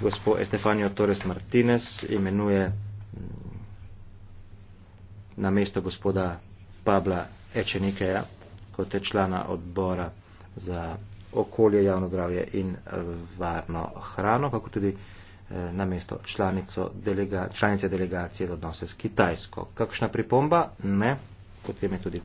gospod Estefanio Torres Martinez imenuje mm, na mesto gospoda Pabla Echenikeja kot je člana odbora za okolje, javno zdravje in eh, varno hrano, kako tudi eh, na mesto članico delega, članice delegacije za odnose s Kitajsko. Kakšna pripomba? Ne. Potem je tudi